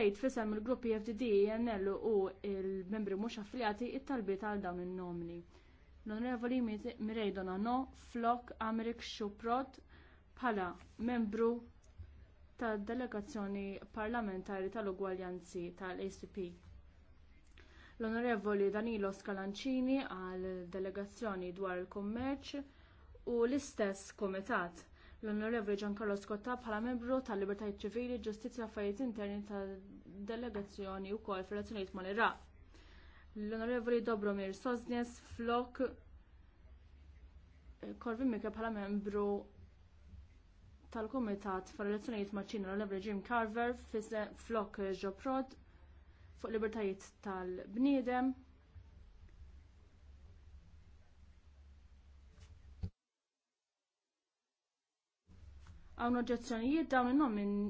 rċevejt fisem il-gruppi FDD, e NL u il-membri mhux affiljati it-talbiet għal dawn in-nomni. L-Onorevoli Mirej no Flok Amerik Xuprot bħala membru tad delegazzjoni parlamentari tal-ugwaljanzi tal-ACP. L-Onorevoli Danilo Scalancini għal delegazzjoni dwar il-kummerċ u l-istess komitat l-Onorevoli Giancarlo Scotta bħala membru tal-Libertajiet Ċivili, Ġustizzja Affarijiet Interni tad-Delegazzjoni wkoll f'relazzjonijiet mal-Iraq. L-Onorevoli Dobromir Sosnes flok eh, korvi Mika bħala membru tal-Kumitat f'relazzjonijiet maċ-Ċina l-Onorevoli Jim Carver flok Ġoprod fuq libertajiet tal-bniedem. Għawn oġġezzjonijiet dawn il-nom minn